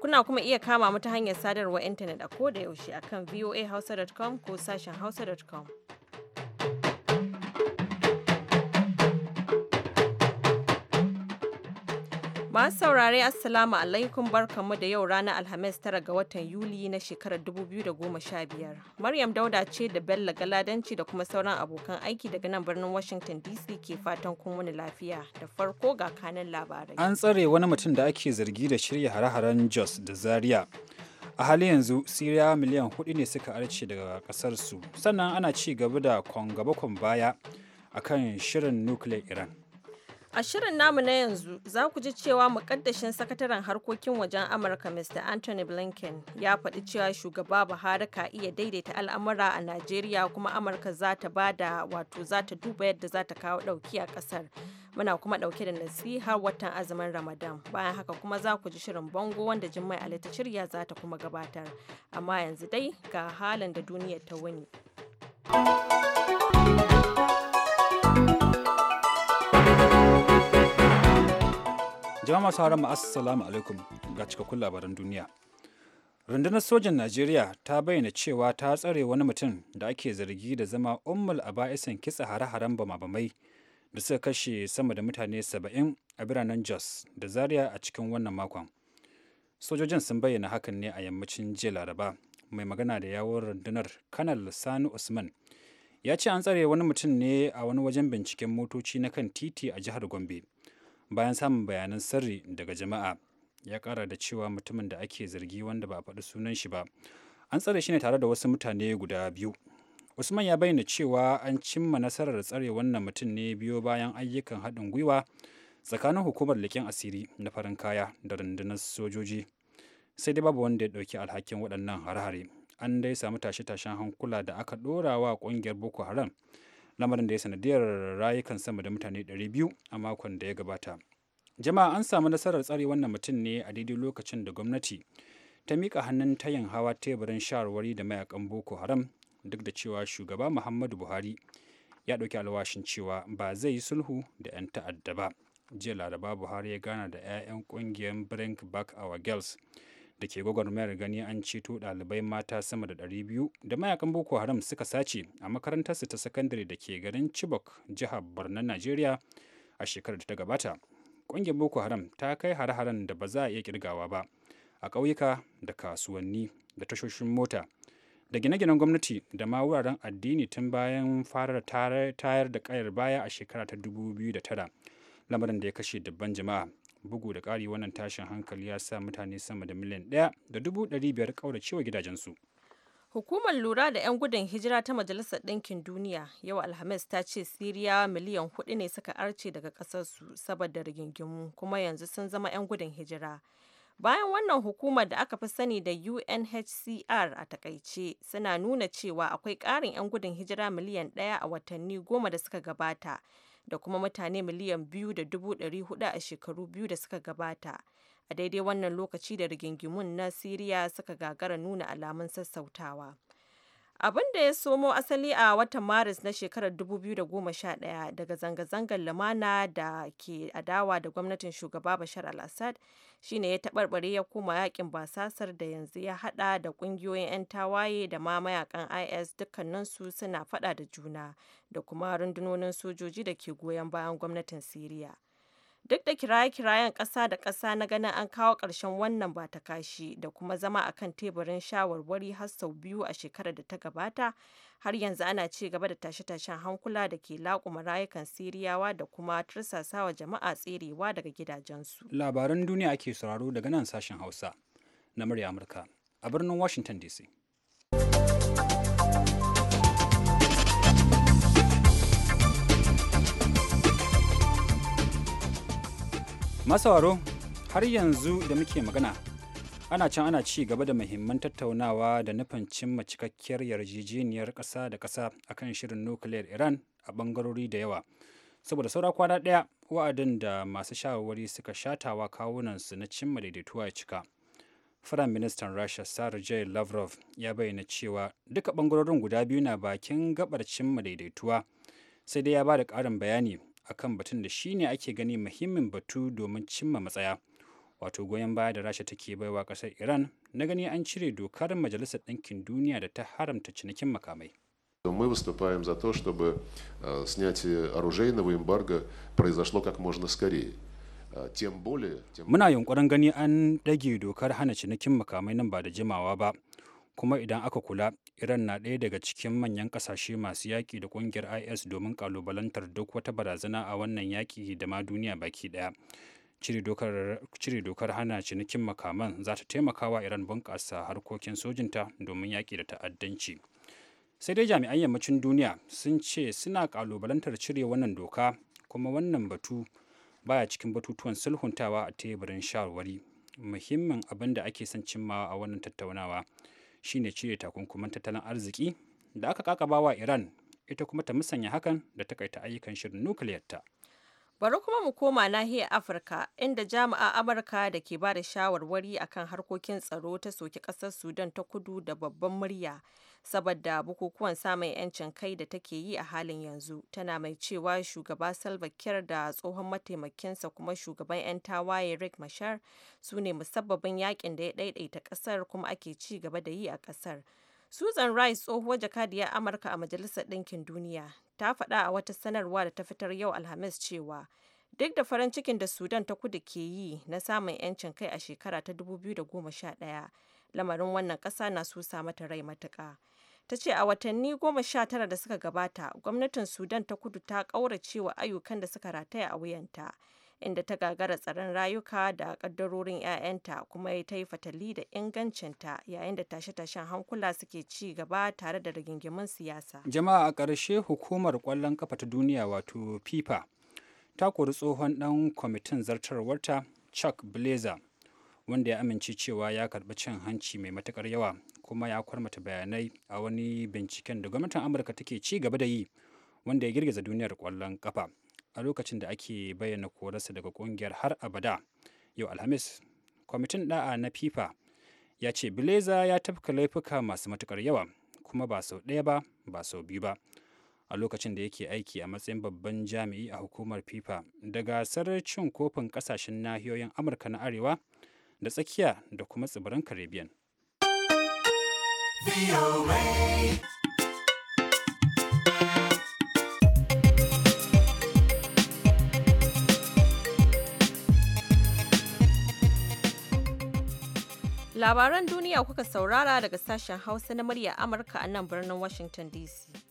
Kuna kuma iya kama mu ta hanyar sadarwar intanet a koda yaushe akan voahausa.com ko sashen hausa.com. Masu saurare Assalamu alaikum barkanmu da yau ranar Alhamis tara ga watan Yuli na shekarar 2015. Maryam Dauda ce da Bello Galadanci da kuma sauran abokan aiki daga nan birnin Washington DC ke fatan kun wani lafiya. Da farko ga kanan labarai. An tsare wani mutum da ake zargi da shirya hare-haren Jos da Zaria. a halin yanzu siriya miliyan hudu ne suka arce daga kasar su sannan ana ci gaba da kwangaba kwan baya akan shirin nukiliyar iran A shirin namu na yanzu za ku ji cewa mukaddashin sakataren harkokin wajen Amurka Mr. Anthony Blinken ya faɗi cewa shugaba Buhari ka iya daidaita al'amura a Najeriya kuma Amurka za ta da wato za ta duba yadda za ta kawo ɗauki a ƙasar. Muna kuma ɗauke da nasihar watan azumin Ramadan. Bayan haka kuma za ku ji shirin bango wanda Jummai Ali ta shirya za ta kuma gabatar. Amma yanzu dai ga halin da duniya ta wuni. jama'a masu haramu assalamu alaikum ga cikakkun labaran duniya rundunar sojan najeriya ta bayyana cewa ta tsare wani mutum da ake zargi da zama a ba'isan kitsa hare-haren bama-bamai da suka kashe sama da mutane 70 a biranen jos da zaria a cikin wannan makon sojojin sun bayyana hakan ne a yammacin jiya laraba mai magana da yawon rundunar kanal sani usman ya ce an tsare wani mutum ne a wani wajen binciken motoci na kan titi a jihar gombe bayan samun bayanan sirri daga jama'a ya kara da cewa mutumin da ake zargi wanda ba a faɗi sunan shi ba an tsare shi ne tare da wasu mutane guda biyu usman ya bayyana cewa an cimma nasarar tsare wannan mutum ne biyo bayan ayyukan haɗin gwiwa tsakanin hukumar leƙen asiri na farin kaya da rundunar sojoji sai dai babu wanda ya ɗauki alhakin waɗannan hare-hare an dai samu tashe-tashen hankula da aka ɗora wa ƙungiyar boko haram lamarin da ya sanadiyar rayukan sama da mutane 200 a makon da ya gabata jama'a an samu nasarar tsare wannan mutum ne a daidai lokacin da gwamnati ta miƙa hannun tayin hawa teburin shawarwari da mayakan boko haram duk da cewa shugaba muhammadu buhari ya ɗauki alwashin cewa ba zai yi sulhu da 'yan ta'adda ba jiya laraba buhari ya gana da 'ya'yan ƙungiyar brink back our girls da ke gwagwarmayar gani an ceto ɗalibai mata sama da 200 da mayakan boko haram suka sace a makarantarsu ta sakandare da ke garin chibok jihar borno nigeria a shekarar da ta gabata ƙungiyar boko haram ta kai hare-haren da ba za a iya kirgawa ba a ƙauyuka da kasuwanni da tashoshin mota da gine-ginen gwamnati da ma wuraren addini tun bayan fara tayar da ƙayar baya a shekara ta 2009 lamarin da ya kashe dubban jama'a bugu da ƙari wannan tashin hankali ya sa mutane sama da miliyan ɗaya da dubu ɗari biyar ƙauracewa gidajensu Hukumar lura da 'yan gudun hijira ta Majalisar Ɗinkin Duniya yau Alhamis ta ce Siriya miliyan hudu ne suka arce daga ƙasarsu saboda rigingimu kuma yanzu sun zama 'yan gudun hijira. Bayan wannan hukumar da aka fi sani da UNHCR a takaice suna nuna cewa akwai ƙarin 'yan gudun hijira miliyan ɗaya a watanni goma da suka gabata da kuma mutane miliyan biyu da dubu ɗari hudu a shekaru biyu da suka gabata a daidai wannan lokaci da rigingimun na siriya suka gagara nuna alamun sassautawa abin da ya somo asali a watan maris na shekarar 2011 daga zanga-zangar lumana da ke adawa da gwamnatin shugaba bashar al-assad shine ya taɓarɓare ya koma yakin basasar da yanzu ya hada da ƙungiyoyin 'yan tawaye da ma mayakan is dukkaninsu suna fada da juna da kuma rundunonin sojoji da ke goyon bayan gwamnatin siriya duk da kiraye-kirayen ƙasa da ƙasa na ganin an kawo ƙarshen wannan ba ta kashi da kuma zama a kan teburin shawarwari har sau biyu a shekarar da ta gabata har yanzu ana ci gaba da tashe-tashen hankula da ke laƙuma rayukan siriyawa da kuma tursasawa jama'a tserewa daga gidajensu labaran duniya ake sauraro daga nan sashen hausa na murya amurka a birnin washington dc masauraro har yanzu da muke magana ana can ana ci gaba da muhimman tattaunawa da nufin cimma cikakkiyar yarjejeniyar ƙasa da ƙasa akan shirin nukiliyar iran a ɓangarori da yawa saboda saura kwana ɗaya wa'adin da masu shawarwari suka shatawa kawunansu na cimma daidaituwa ya cika firayim ministan rasha sergei lavrov ya bayyana cewa duka bangarorin guda biyu na bakin gabar cimma daidaituwa sai dai ya ba da ƙarin bayani akan batun da shine ake gani muhimmin batu domin cimma matsaya wato goyon baya da rasha take baiwa kasar iran na gani an cire dokar majalisar ɗinkin duniya da ta haramta cinikin makamai Мы выступаем Muna yunkurin gani an ɗage dokar hana cinikin makamai nan ba da jimawa ba, kuma idan aka kula Iran na ɗaya daga cikin manyan ƙasashe masu yaƙi da ƙungiyar IS domin ƙalubalantar duk wata barazana a wannan yaƙi da ma duniya baki ɗaya. Cire dokar hana cinikin makaman za ta taimaka wa Iran bunƙasa harkokin sojinta domin yaƙi da ta'addanci. Sai dai jami'an yammacin duniya sun ce suna ƙalubalantar cire wannan doka kuma wannan batu baya cikin batutuwan sulhuntawa a teburin shawarwari muhimmin abin da ake son cimmawa a wannan tattaunawa shine cire takunkuman tattalin arziki da aka kakaba wa Iran ita kuma ta musanya hakan da ta takaita ayyukan shirin nukiliyarta. Bari kuma mu koma nahiyar Afirka inda jami'a Amurka da ke ba da shawarwari akan harkokin tsaro ta soki kasar Sudan ta kudu da babban murya saboda bukukuwan samun 'yancin kai da take yi a halin yanzu tana mai cewa shugaba salva kiir da tsohon mataimakinsa kuma shugaban 'yan tawaye rick mashar su ne musabbabin yakin da ya ɗaiɗaita ƙasar kuma ake ci gaba da yi a ƙasar susan rice tsohuwar jakadiyar amurka a majalisar ɗinkin duniya ta faɗa a wata sanarwa da ta fitar yau alhamis cewa duk da farin cikin da sudan ta kudu ke yi na samun 'yancin kai a shekara ta 2011 lamarin wannan ƙasa na susa mata rai matuƙa ta ce a watanni goma sha tara da suka gabata gwamnatin sudan ta kudu ta ƙaurace wa ayyukan da suka rataya a wuyanta inda ta gagara tsaron rayuka da ƙaddarorin 'ya'yanta kuma ta yi fatali da ingancinta yayin da tashe-tashen hankula suke ci gaba tare da rigingimin siyasa jama'a a ƙarshe hukumar ƙwallon kafa ta duniya wato fifa ta kori tsohon ɗan kwamitin zartarwarta chuck blazer wanda ya amince cewa ya karɓi cin hanci mai matukar yawa kuma ya kwarmata bayanai a wani binciken da gwamnatin amurka take ci gaba da yi wanda ya girgiza duniyar ƙwallon ƙafa a lokacin da ake bayyana korarsa daga ƙungiyar har abada yau alhamis kwamitin ɗa'a na fifa ya ce bileza ya tafka laifuka masu matukar yawa kuma ba sau ɗaya ba ba sau biyu ba a lokacin da yake aiki a matsayin babban jami'i a hukumar fifa daga gasar cin kofin ƙasashen nahiyoyin amurka na arewa da tsakiya da kuma tsibiran caribbean Labaran duniya kuka saurara daga sashen Hausa na murya Amurka a nan birnin Washington DC.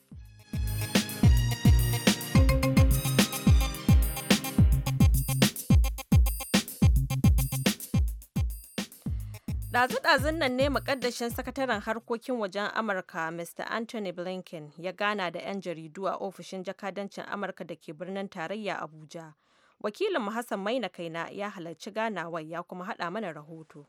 Ɗazu-ɗazun nan ne makaddashin sakataren harkokin wajen Amurka Mr. Anthony Blinken ya gana da 'yan jaridu a ofishin jakadancin Amurka da ke birnin tarayya Abuja. Wakilin Hassan Maina Kaina ya halarci ganawar ya kuma haɗa mana rahoto.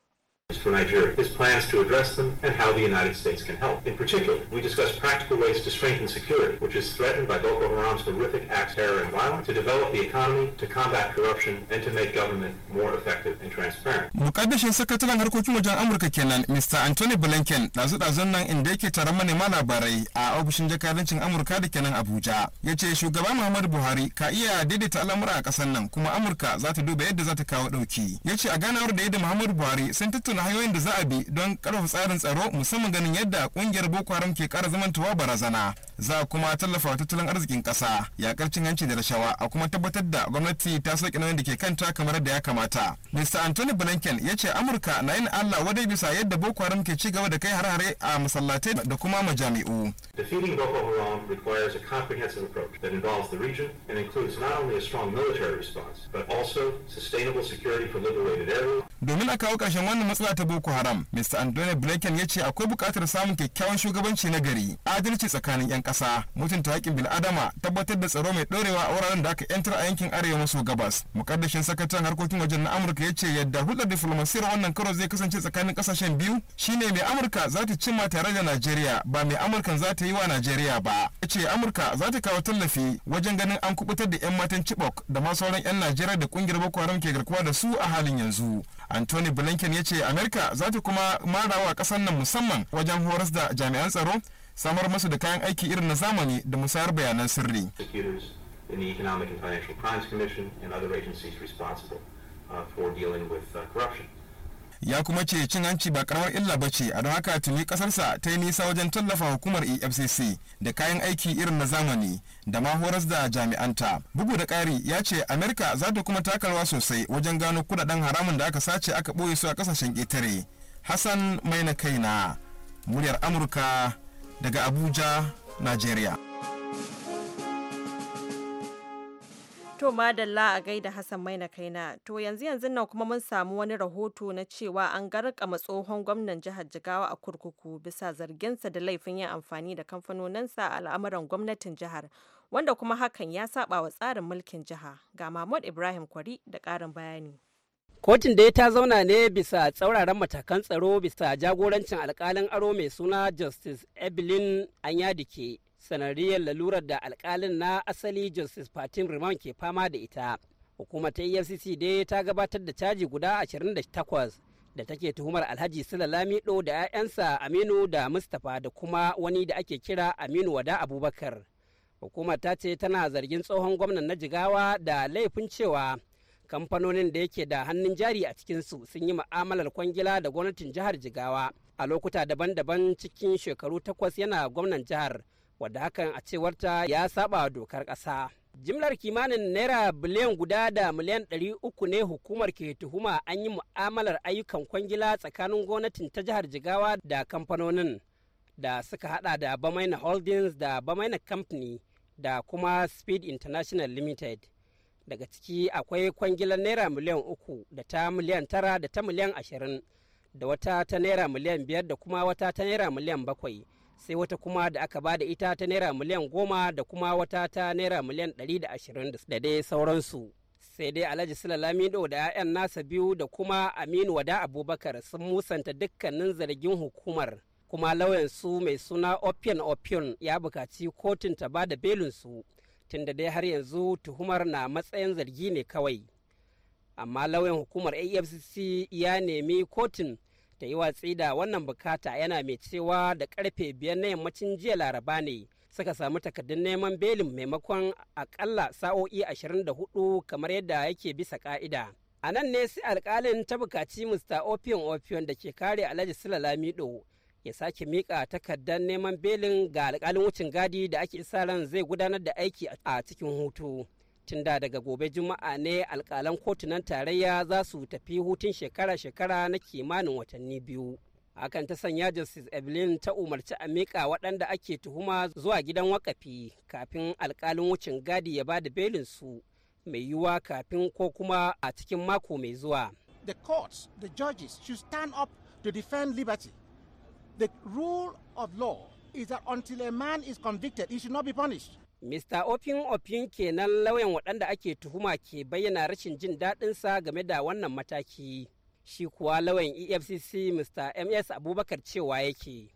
for Nigeria, his plans to address them, and how the United States can help. In particular, we discuss practical ways to strengthen security, which is threatened by Boko Haram's horrific acts terror and violence, to develop the economy, to combat corruption, and to make government more effective and transparent. Mukaddashin sakataren harkokin wajen Amurka kenan, Mr. Anthony Blinken, ɗazu-ɗazun nan inda yake taron manema labarai a ofishin jakadancin Amurka da kenan Abuja. Ya ce shugaba Muhammadu Buhari ka iya daidaita al'amura a ƙasar nan, kuma Amurka za ta duba yadda za ta kawo ɗauki. Ya ce a ganawar da ya da Muhammadu Buhari sun tattauna tattauna hanyoyin da za a bi don karfafa tsarin tsaro musamman ganin yadda kungiyar boko haram ke kara zamantawa barazana za a kuma tallafa tattalin arzikin ƙasa yakar cin hanci da rashawa a kuma tabbatar da gwamnati ta sauƙi nauyin da ke kanta kamar da ya kamata mr anthony blinken ya ce amurka na yin allah wadai bisa yadda boko haram ke ci gaba da kai hare-hare a masallatai da kuma majami'u Defeating Boko Haram requires a comprehensive approach that involves the region and includes not only a strong military response, but also sustainable security for liberated areas. Domin a kawo ƙarshen wannan matsala guguwa ta Boko Haram. Mr. Andone Blinken ya ce akwai bukatar samun kyakkyawan shugabanci na gari, adalci tsakanin 'yan ƙasa, mutunta haƙƙin bil'adama, tabbatar da tsaro mai ɗorewa a wuraren da aka 'yantar a yankin arewa maso gabas. Mukaddashin sakataren harkokin wajen na Amurka ya ce yadda hulɗar diflomasiyar wannan karo zai kasance tsakanin ƙasashen biyu shine mai Amurka za ta cimma tare da Najeriya ba mai Amurkan za ta yi wa Najeriya ba. Ya ce Amurka za ta kawo tallafi wajen ganin an kubutar da 'yan matan Chibok da ma sauran 'yan Najeriya da ƙungiyar Boko Haram ke garkuwa da su a halin yanzu. Anthony Blinken ya ce Amerika za ta kuma marawa ƙasar nan musamman wajen horas da jami'an tsaro samar masu da kayan aiki irin na zamani da musayar bayanan sirri. in Economic uh, for dealing with uh, corruption. ya kuma ce cin hanci ba karamar illa ba ce a don haka tuni kasarsa ta yi nisa wajen tallafa hukumar efcc da kayan aiki irin na zamani da ma horas da jami'anta bugu da ƙari ya ce amerika za ta kuma takarwa sosai wajen gano kudaden haramun da aka sace aka ɓoye su a ƙasashen ƙetare hassan mai na kaina muryar amurka daga abuja nigeria To madalla a gaida Hassan Maina kaina. To yanzu yanzu nan kuma mun samu wani rahoto na cewa an garkama tsohon gwamnan jihar Jigawa a kurkuku bisa zarginsa da laifin yin amfani da kamfanoninsa a al'amuran gwamnatin jihar. Wanda kuma hakan ya saba wa tsarin mulkin jiha. Ga Mahmud Ibrahim Kwari da karin bayani. Kotun dai ta zauna ne bisa tsauraran matakan tsaro bisa jagorancin alkalin aro mai suna Justice Evelyn Anyadike sanadiyar lalurar da alkalin na asali justice fatim riman ke fama da ita hukumar ta efcc dai ta gabatar da caji guda 28 da take tuhumar alhaji sila lamido da 'ya'yansa aminu da mustapha da kuma wani da ake kira aminu wada abubakar hukumar ta ce tana zargin tsohon gwamnan na jigawa da laifin cewa kamfanonin da yake da hannun jari a cikinsu sun yi ma'amalar kwangila da gwamnatin jihar jigawa a lokuta daban-daban cikin shekaru takwas yana gwamnan jihar wadda hakan a cewarta ya saba dokar ƙasa. jimlar kimanin naira biliyan guda da miliyan ɗari uku ne hukumar ke tuhuma an yi mu'amalar ayyukan kwangila tsakanin gwamnatin ta jihar jigawa da kamfanonin da suka hada da bamaina holdings da bamaina company da kuma speed international limited daga ciki akwai kwangilar naira miliyan uku da ta miliyan tara da ta miliyan ashirin da wata ta naira miliyan biyar da kuma wata ta naira miliyan bakwai sai wata kuma da aka ba da ita ta naira miliyan goma da kuma wata ta naira miliyan ɗari da ashirin da dai sauransu sai dai alhaji sulalamido da 'ya'yan nasa biyu da kuma aminu wada abubakar sun musanta dukkanin zargin hukumar kuma lauyansu mai suna opion opion ya bukaci kotun ta ba da belinsu tunda dai har yanzu tuhumar na matsayin zargi ne kawai amma lauyan hukumar afcc ya nemi kotun ta yi watsi da wannan bukata yana mai cewa da karfe biyar na yammacin jiya laraba ne suka samu takardun neman belin maimakon akalla sa'o'i 24 kamar yadda yake bisa ka'ida a nan ne sai alkalin ta bukaci mr opion opion da ke kare alhaji silalamido ya sake mika takardar neman belin ga alkalin wucin gadi da ake sa ran zai gudanar da aiki a cikin hutu tunda daga gobe juma'a ne alkalan kotunan tarayya za su tafi hutun shekara-shekara na kimanin watanni biyu hakan ta sanya justice evelyn ta umarci a miƙa waɗanda ake tuhuma zuwa gidan wakafi kafin alkalin wucin gadi ya ba da su mai yiwuwa kafin ko kuma a cikin mako mai zuwa the courts the judges should stand up to defend liberty the rule of law is that until a man is convicted he should not be punished Mr. Opin Opin kenan lauyan waɗanda ake tuhuma ke bayyana rashin jin daɗinsa game da wannan mataki. Shi kuwa lauyan EFCC Mr. MS Abubakar cewa yake.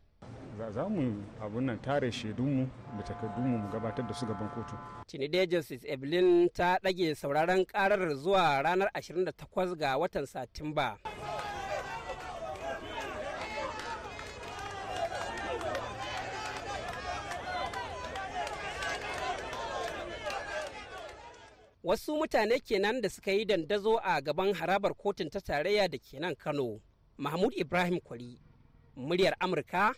Za mu abun nan tare shaidunmu da takardunmu mu gabatar da su gaban kotu. Tinide Justice Evelyn ta ɗage sauraron ƙarar zuwa ranar 28 ga watan Satumba. wasu mutane kenan da suka yi dandazo a gaban harabar kotun ta tarayya da ke nan kano mahmud ibrahim kwari muryar amurka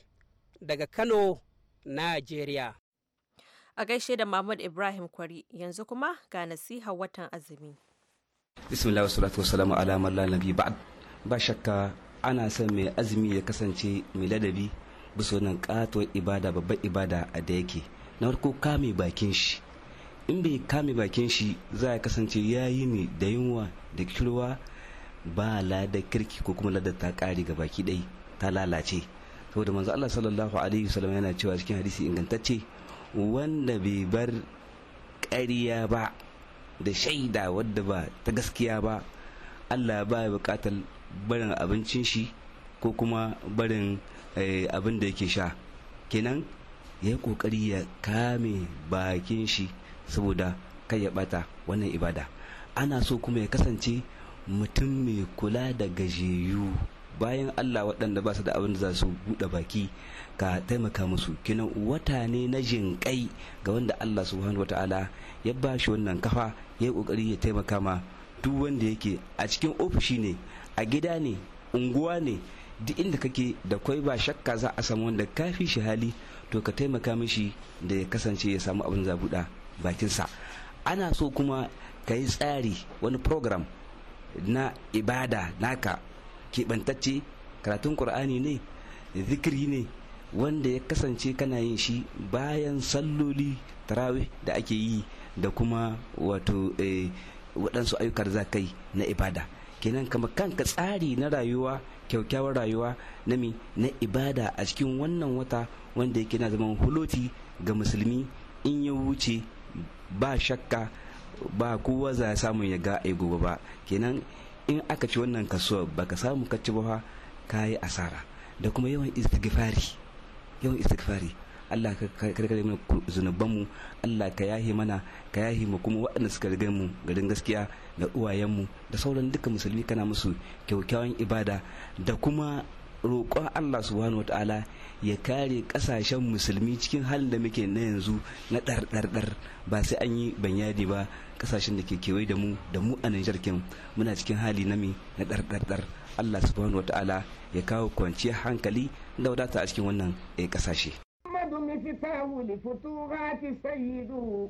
daga kano nigeria a gaishe da mahmud ibrahim kwari yanzu kuma ga nasiha watan azumi bismillah wasu wasalamu ala nabi ba shakka ana son mai azumi ya kasance mai ladabi bisa wannan ibada babban ibada a da yake na farko kame bakin shi in bai kame bakin shi za a kasance ya yi ne da yunwa da kirwa ba lada kirki ko kuma lada ta kare ga baki ɗai ta lalace saboda manzo Allah sallallahu alaihi wasallam yana cewa cikin hadisi ingantacce wanda bai bar ƙarya ba da shaida wadda ba ta gaskiya ba Allah ba ya bukatar barin abincin shi ko kuma barin eh, abin da yake sha kenan ya yi ƙoƙari ya kame bakin shi saboda kai ya bata wannan ibada ana so kuma ya kasance mutum mai kula da gajeyu bayan Allah waɗanda ba su da abin da za su buɗe baki ka taimaka musu kinan wata ne na jinƙai ga wanda Allah subhanahu wata'ala ya ba shi wannan kafa ya yi ƙoƙari ya taimaka ma duk wanda yake a cikin ofishi ne a gida ne unguwa ne duk inda kake da kwai ba shakka za a samu wanda kafi shi hali to ka taimaka mishi da ya kasance ya samu abin za buɗa. bakinsa ana so kuma ka yi tsari wani program na ibada naka keɓantacce karatun ƙur'ani ne zikiri ne wanda ya kasance kana yin shi bayan salloli tarawe da ake yi da kuma wato eh, waɗansu ayyukar za kai na ibada kenan kama kanka tsari na rayuwa kyaukyawar rayuwa na mi na ibada a cikin wannan wata wanda yake na zaman huloti ga musulmi in ya wuce ba shakka ba kowa za a samu ya ga gobe ba kenan in aka ci wannan kasuwa baka samu ka ci ba ka yi asara da kuma yawan istighfari yawan istighfari Allah ka karkare mana zunubanmu Allah ka yahe mana ka yahi mu kuma waɗanda suka riga mu garin gaskiya da uwayenmu da sauran duka musulmi kana musu kyaukyawan ibada da kuma roƙon Allah subhanahu ta'ala ya kare kasashen musulmi cikin halin da muke na yanzu na ɗarɗarɗar ba sai an yi banyadi ba kasashen da ke kewaye da mu da mu a Nijar kin muna cikin hali na mi na ɗarɗarɗar Allah subhanahu ta'ala ya kawo kwanciyar hankali da wadata a cikin wannan kasashe. Eh, Muhammadu mifitahu li futuhati sayyidu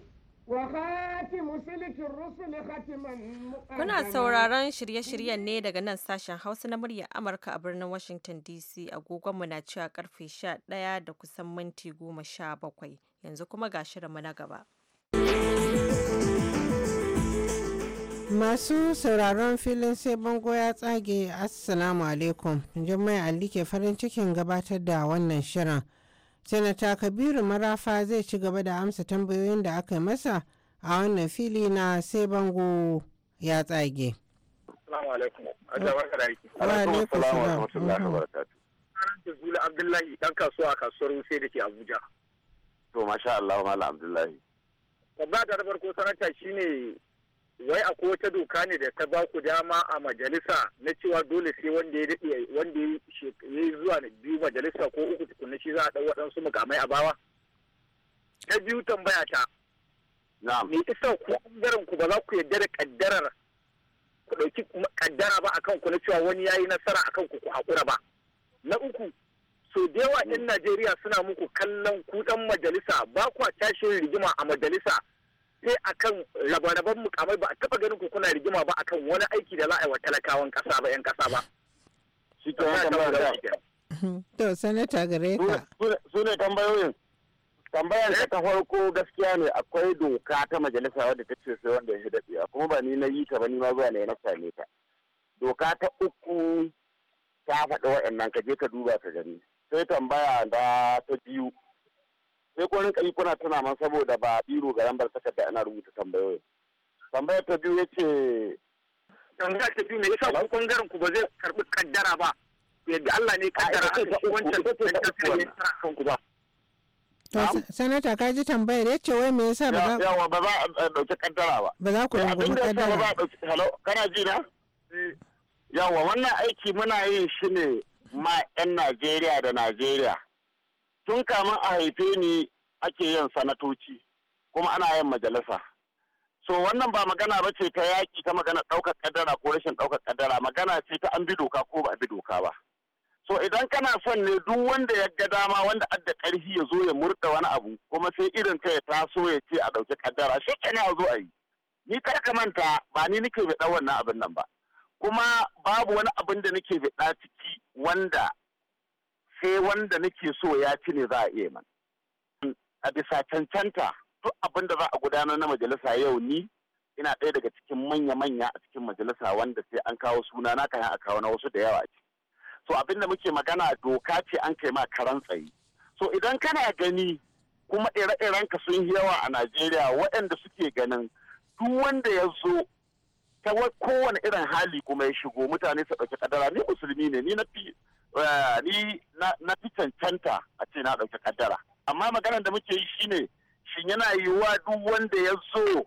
Kuna sauraron shirye-shiryen ne daga nan sashen Hausa na muryar Amurka a birnin Washington DC agogonmu na cewa karfe 11 da kusan minti 17 yanzu kuma ga shirinmu na gaba. Masu sauraron filin sai bango ya tsage Assalamu alaikum. jima'i Ali ke farin cikin gabatar da wannan shirin. Sanata Kabiru Marafa zai ci gaba da amsa tambayoyin da aka masa a wannan fili na sai bango ya tsage. Abdullahi dan da Abuja. To masha Allah Malam Abdullahi. Babba da farko sanata shine wai akwai wata doka ne da ta ba ku dama a majalisa na cewa dole sai wanda ya daɗe wanda ya yi zuwa biyu majalisa ko uku tukunna shi za a ɗau waɗansu mukamai a bawa? Ta biyu tambaya ta. Me isa ku ɓangaren ku ba za ku yarda da ƙaddarar ku ɗauki ƙaddara ba akan ku na cewa wani ya yi nasara akan ku ku haƙura ba. Na uku so da yawa 'yan Najeriya suna muku kallon ku majalisa ba kwa tashin rigima a majalisa sai akan rabe-raben mukamai ba a taba ganin ku kuna rigima ba akan wani aiki da za a yi wa talakawan kasa ba 'yan kasa ba. Shi hmm. To, Sanata Gareka. Su ne tambayoyin. Tambayar da ta farko gaskiya ne akwai doka ta majalisa wadda ta ce sai wanda ya shi kuma ba ni na yi ta ba ni ma zuwa ne na same ta. Doka ta uku ta faɗi wa'annan ka je ka duba ka gani. Sai tambaya da ta biyu. sai ko kari kuna tana man saboda ba biro ga lambar takarda ana rubuta tambayoyin tambayar ta biyu yace tambaya ta biyu me yasa ku bangaren ku ba zai karbi kaddara ba yadda Allah ne kaddara a wancan tattara ne tara kanku ba sanata ka ji tambayar yace wai me yasa ba za yawa ba za a dauki kaddara ba ba za ku eh, rungumi kaddara ba dauki halo kana ji na eh. yawa wannan aiki muna yin shi ne ma yan Najeriya da Najeriya tun kamun a haife ni ake yin sanatoci kuma ana yin majalisa so wannan ba magana ba ce ta yaƙi ta magana ɗaukar ƙaddara ko rashin ɗaukar ƙaddara magana ce ta an bi doka ko ba a bi doka ba so idan kana son ne duk wanda ya ga dama wanda adda ƙarfi ya zo ya murɗa wani abu kuma sai irin ta ya taso ya ce a ɗauki ƙaddara shi ne a zo a yi ni kar ka manta ba ni nake biɗa wannan abin nan ba kuma babu wani abin da nake biɗa ciki wanda sai wanda nake so ya ci ne za a iya man a bisa cancanta duk abin da za a gudanar na majalisa yau ni ina ɗaya daga cikin manya-manya a cikin majalisa wanda sai an kawo suna na kayan a kawo na wasu da yawa ce so abin da muke magana doka ce an kai ma karan tsaye so idan kana gani kuma ire-irenka sun yi yawa a najeriya waɗanda suke ganin duk wanda ya zo ta kowane irin hali kuma ya shigo mutane su ɗauki kaddara ni musulmi ne ni na fi eh, ni na fi cancanta a ce na ɗauki kaddara amma maganar da muke yi shine shin yana yiwuwa duk wanda ya zo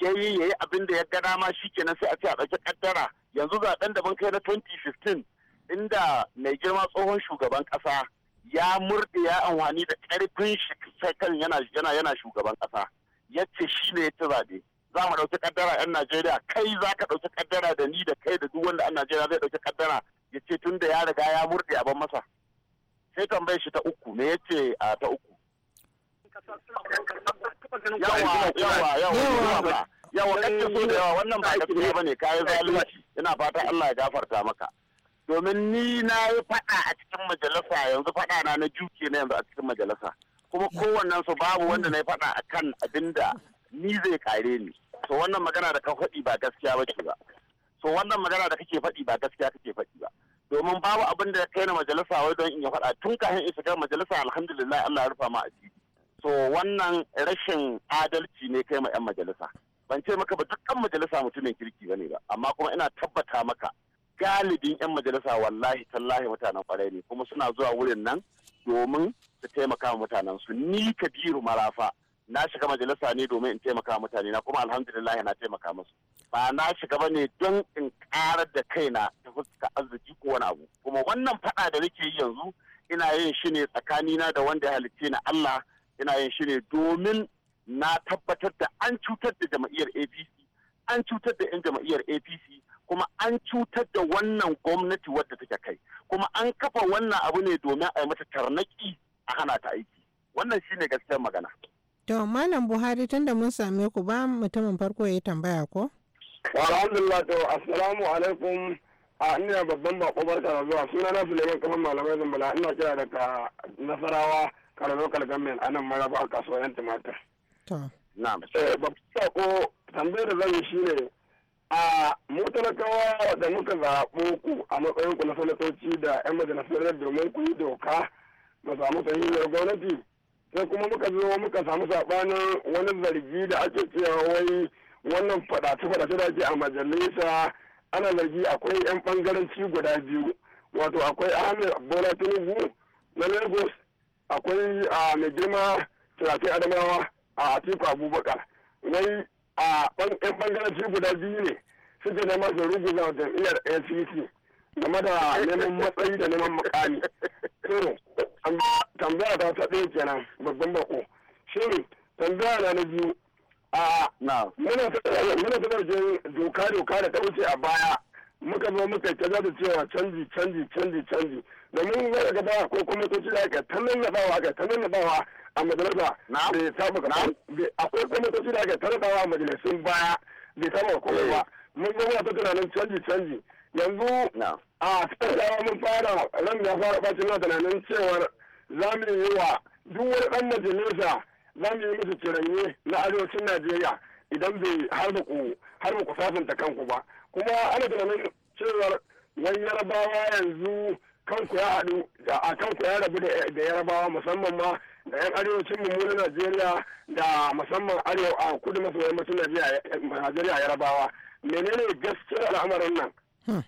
ya yi ya yi abin da ya ga dama shi kenan sai a ce a ɗauki kaddara yanzu zaɓen da mun kai na 2015 inda mai girma tsohon shugaban ƙasa ya murɗe ya amfani da ƙarfin shi kan yana yana shugaban ƙasa ya ce shi ne ya ci zaɓe za mu ɗauki kaddara 'yan Najeriya kai za ka ɗauki kaddara da ni da kai da duk wanda 'yan Najeriya zai ɗauki kaddara ya ce tun da ya riga ya murɗe a ban masa. Sai tambayar shi ta uku me yace a ta uku. Yawa yawa yawa yawa kacce so da yawa wannan ba ba ne kayan zalunci ina fatan Allah ya gafarta maka. Domin ni na yi faɗa a cikin majalisa yanzu faɗa na na juke na yanzu a cikin majalisa. kuma kowannen su babu wanda na yi faɗa kan abinda ni zai kare ni to wannan magana da ka faɗi ba gaskiya ba ke ba to wannan magana da kake faɗi ba gaskiya kake faɗi ba domin babu abin da ya kai na majalisa wai don in ya faɗa tun kafin in shiga majalisa alhamdulillah Allah ya rufa ma asiri to wannan rashin adalci ne kai ma 'yan majalisa ban ce maka ba dukkan majalisa mutumin kirki bane ba amma kuma ina tabbata maka galibin 'yan majalisa wallahi tallahi mutanen kwarai ne kuma suna zuwa wurin nan domin su taimaka mutanen su ni kabiru marafa na shiga majalisa ne domin in taimaka mutane na kuma alhamdulillah na taimaka musu ba na shiga ba ne don in ƙara da kaina ta fuska arziki ko wani abu kuma wannan faɗa da nake yi yanzu ina yin shi ne tsakanina da wanda ya halicce na Allah ina yin shi ne domin na tabbatar da an cutar da jama'iyyar APC an cutar da 'yan jama'iyyar APC kuma an cutar da wannan gwamnati wadda take kai kuma an kafa wannan abu ne domin a yi mata tarnaki a hana ta aiki wannan shine gaskiyar magana To Malam Buhari tun da mun same ku ba mutumin farko ya yi tambaya ko? Alhamdulillah to assalamu alaikum a ina babban bako barka da zuwa suna na Suleiman kamar malamai zambala ina kira daga Nasarawa kare local government anan ba a kasuwar tumatir. To. Na. Eh, babban tambayar da zan yi shine a mu talakawa da muka zaɓo ku a matsayin ku na sanatoci da 'yan majalisar domin ku yi doka mu samu sahihiyar gwamnati sai kuma muka zo muka samu sabanin wani zargi da ake cewa wai wannan fadace-fadace da ake a majalisa ana zargi akwai 'yan bangaranci guda biyu wato akwai ahmed bola tinubu na lagos akwai a mai girma talatin adamawa a atiku abubakar wai a 'yan bangaranci guda biyu ne suke da masu ruguza jam'iyyar acc game da neman matsayi da neman mukami to tambaya ta ta ɗaya kenan babban bako shi tambaya na na biyu a muna ta ɗarjin doka doka da ta wuce a baya muka zo muka ta zata cewa canji canji canji canji domin zai ga gaba ko kuma ta ci da ta bawa ka ta bawa a majalisa bai samu ka akwai kuma ta ci da ta nannabawa a majalisun baya bai samu ka kuma ba eh. mun zo ta tunanin canji canji yanzu a tattara mun fara ran da fara bacin na tunanin cewar za mu yi wa duk wani ɗan majalisa za mu yi musu ciranye na arewacin najeriya idan bai har ku sasanta kanku ba kuma ana tunanin cewar wani yarabawa yanzu kanku ya haɗu a kanku ya rabu da yarabawa musamman ma da yan arewacin mu na najeriya da musamman arewa a kudu maso yammacin najeriya yarabawa menene gaskiyar al'amarin nan Hmm.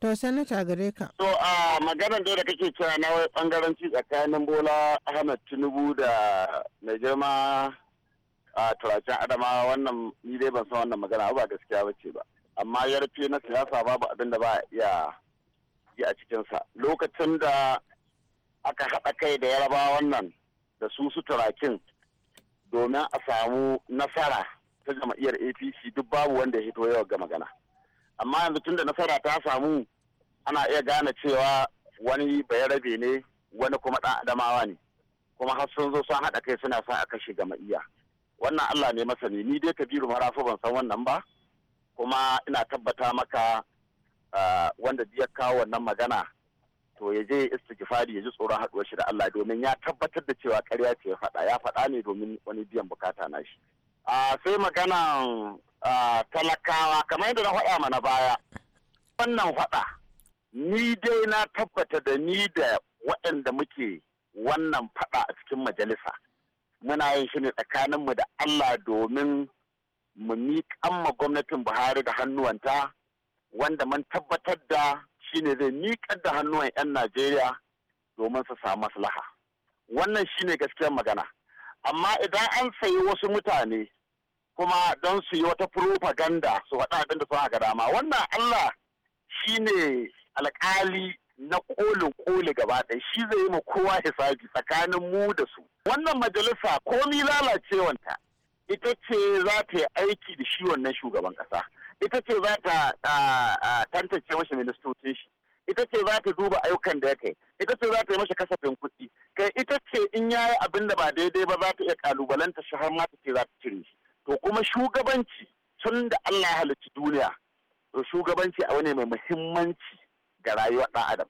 To sanata gare ka. So a maganar da kake cewa na wai bangaranci tsakanin Bola Ahmed Tinubu da mai girma a turacen Adama wannan ni dai ban san wannan magana ba gaskiya bace ba. Amma yarfe na siyasa babu abin da ba ya yi a cikinsa. Lokacin da aka haɗa kai da yaraba wannan da su su turakin domin a samu nasara ta jam'iyyar APC duk babu wanda ya hito yau ga magana. amma yanzu tun da nasara ta samu ana iya gane cewa wani bayarabe ne wani kuma ɗan adamawa ne kuma har sun zo sun haɗa kai suna son a kashe gama'iya wannan allah ne masani ni dai kabiru marafu ban san wannan ba kuma ina tabbata maka wanda ya kawo wannan magana to ya je istighfari ya ji tsoron haɗuwar shi da Allah domin ya tabbatar da cewa ƙarya ce ya faɗa ya faɗa ne domin wani biyan bukata na shi. sai magana. talakawa kamar yadda na faɗa mana baya wannan faɗa ni dai na tabbata da ni da waɗanda muke wannan faɗa a cikin majalisa muna yin shi ne tsakaninmu da Allah domin mu miƙan ma gwamnatin Buhari da hannuwanta wanda man tabbatar da shi ne zai miƙar da hannuwan 'yan Najeriya domin su samu maslaha. Wannan shi ne gaskiyar magana. Amma idan an sayi wasu mutane kuma don su yi wata propaganda su faɗa abin da suna ga dama wannan Allah shi ne alƙali na kolin koli gaba ɗaya shi zai yi ma kowa hisabi tsakanin mu da su wannan majalisa komi lalacewanta ita ce za ta yi aiki da shi wannan shugaban ƙasa ita ce za ta tantance mashi ministocin shi ita ce za ta duba ayyukan da ya kai ita ce za ta yi mashi kasafin kuɗi kai ita ce in ya yi abin da ba daidai ba za ta iya kalubalanta shi har ma ta ce za ta cire shi to kuma shugabanci tun da Allah ya halicci duniya to shugabanci abu ne mai muhimmanci ga rayuwar ɗan adam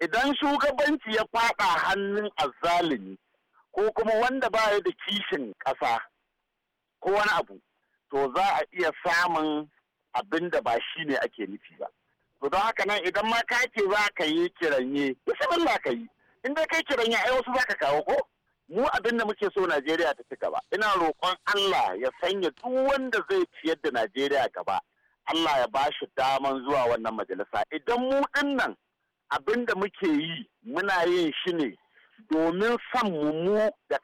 idan shugabanci ya faɗa hannun azzalimi ko kuma wanda ba ya da kishin ƙasa ko wani abu to za a iya samun abin da ba shi ne ake nufi ba to don haka nan idan ma kake ce za ka yi kiranye bisa ka yi in dai kai kiranye ai wasu za ka kawo ko mu abin da muke so Najeriya ta ci gaba ina roƙon Allah ya sanya duk wanda zai ciyar da Najeriya gaba Allah ya ba shi daman zuwa wannan majalisa idan mu dinnan abin da muke yi muna yin shi ne domin san mu mu da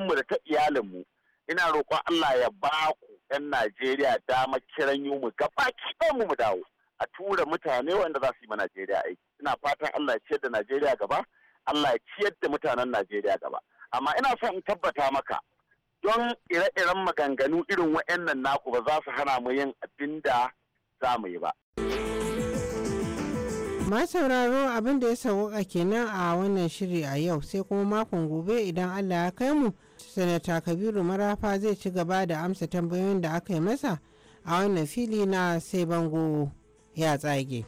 mu da ta iyalin mu ina roƙon Allah ya ba ku 'yan Najeriya dama kiran yi mu gaba mu mu dawo a tura mutane wanda za su yi ma Najeriya aiki ina fatan Allah ya ciyar da Najeriya gaba Allah ya ciyar da mutanen Najeriya gaba amma ina son in tabbata maka don ire-iren maganganu irin wa'annan naku ba za su hana mu yin abin da za mu yi ba. Ma sauraro abin da ya sauka kenan a wannan shiri a yau sai kuma makon gobe idan Allah ya kai mu sanata Kabiru Marafa zai ci gaba da amsa tambayoyin da aka yi masa a wannan fili na sai bango ya tsage.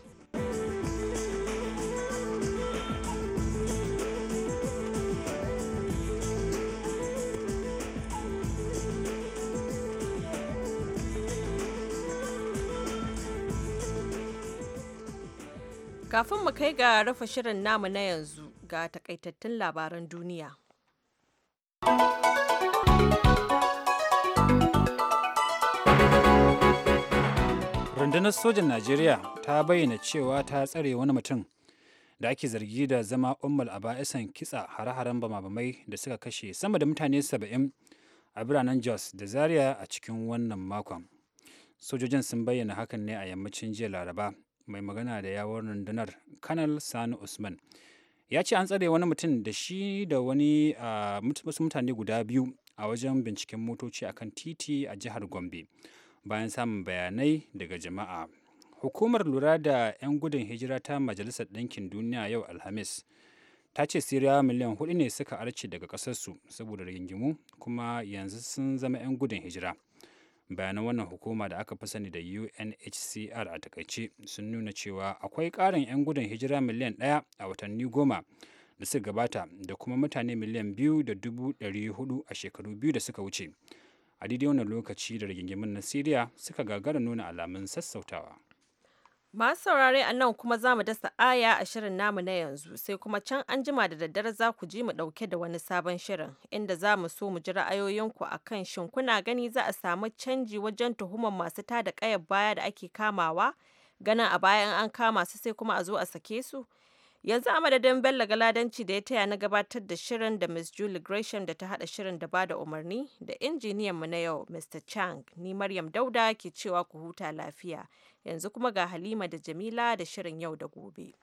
Kafin mu kai ga rufe shirin namu na yanzu ga takaitattun labaran duniya. Rundunar sojan Najeriya ta bayyana cewa ta tsare wani mutum da ake zargi da zama ummal a ba'isan kitsa hare-haren bamabamai da suka kashe sama da mutane saba'in a biranen Jos da Zaria a cikin wannan makon. Sojojin sun bayyana hakan ne a yammacin jiya Laraba. mai magana da yawon rundunar kanal sani usman ya ce an tsare wani mutum da shi da wani wasu mutane guda biyu a wajen binciken motoci a kan titi a jihar gombe bayan samun bayanai daga jama'a hukumar lura da 'yan gudun hijira ta majalisar ɗinkin duniya yau alhamis ta ce siriya miliyan hudu ne suka arce daga ƙasarsu saboda rigingimu kuma yanzu sun zama 'yan gudun hijira bayanan wannan hukuma da aka fi sani da unhcr a takaice sun nuna cewa akwai ƙarin 'yan gudun hijira miliyan ɗaya a watanni goma da suka gabata da kuma mutane miliyan biyu da dubu ɗari hudu a shekaru biyu da suka wuce a daidai wannan lokaci da rigingimin na siriya suka gagara nuna alamun sassautawa Masu saurare a nan kuma za mu dasa aya a shirin namu na yanzu sai kuma can an jima da daddare za ku ji mu ɗauke da wani sabon shirin inda za mu so mu ji ra'ayoyinku a kan shin kuna gani za a samu canji wajen tuhumar masu tada ƙayar baya da ake kamawa ganin a bayan an kama su sai kuma a zo a sake su. Yanzu a madadin Bello Galadanci da ya taya na gabatar da shirin da Miss Julie Gresham da ta haɗa shirin da ba da umarni da injiniyan mu na yau Mr. Chang ni Maryam Dauda ke cewa ku huta lafiya. Yanzu kuma ga Halima da Jamila da shirin yau da gobe.